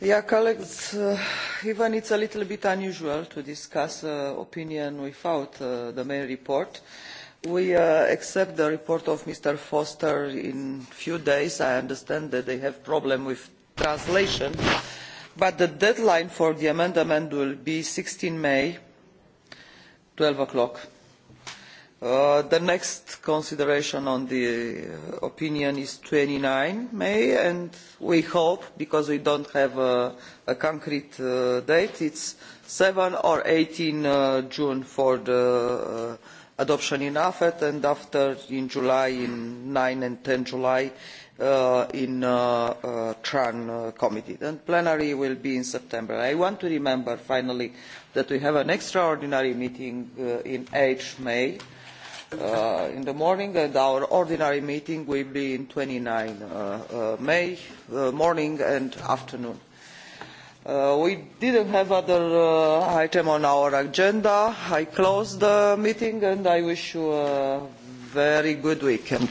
Yeah, colleagues, uh, even it's a little bit unusual to discuss uh, opinion without uh, the main report. Uh, We uh, accept the report of Mr. Foster in a few days. I understand that they have problem with translation. But the deadline for the amendment will be 16 May, 12 o'clock. Uh, the next consideration on the uh, opinion is 29 May, and we hope, because we don't have a, a concrete uh, date, it's 7 or 18 uh, June for the uh, adoption in AFET, and after in July, in 9 and 10 July, uh, in uh, uh, TRAN committee. Then plenary will be in September. I want to remember, finally, that we have an extraordinary meeting in 8 May in the morning, and our ordinary meeting will be in 29 May morning and afternoon. Uh, we did not have other uh, items on our agenda. i close the meeting and i wish you a very good weekend.